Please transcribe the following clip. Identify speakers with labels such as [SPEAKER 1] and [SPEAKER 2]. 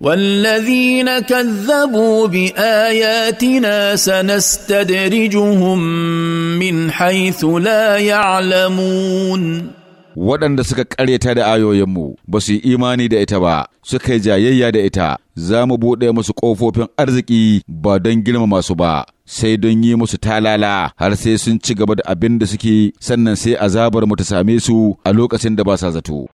[SPEAKER 1] والذين كذبوا باياتنا سنستدرجهم من حيث لا يعلمون
[SPEAKER 2] waɗanda suka ƙaryata da ayoyinmu ba su yi imani da ita ba suka yi jayayya da ita za mu buɗe musu ƙofofin arziki ba don girma masu ba sai don yi musu talala har sai sun ci gaba da abin da suke sannan sai azabar mu ta same
[SPEAKER 3] su a lokacin da ba sa zato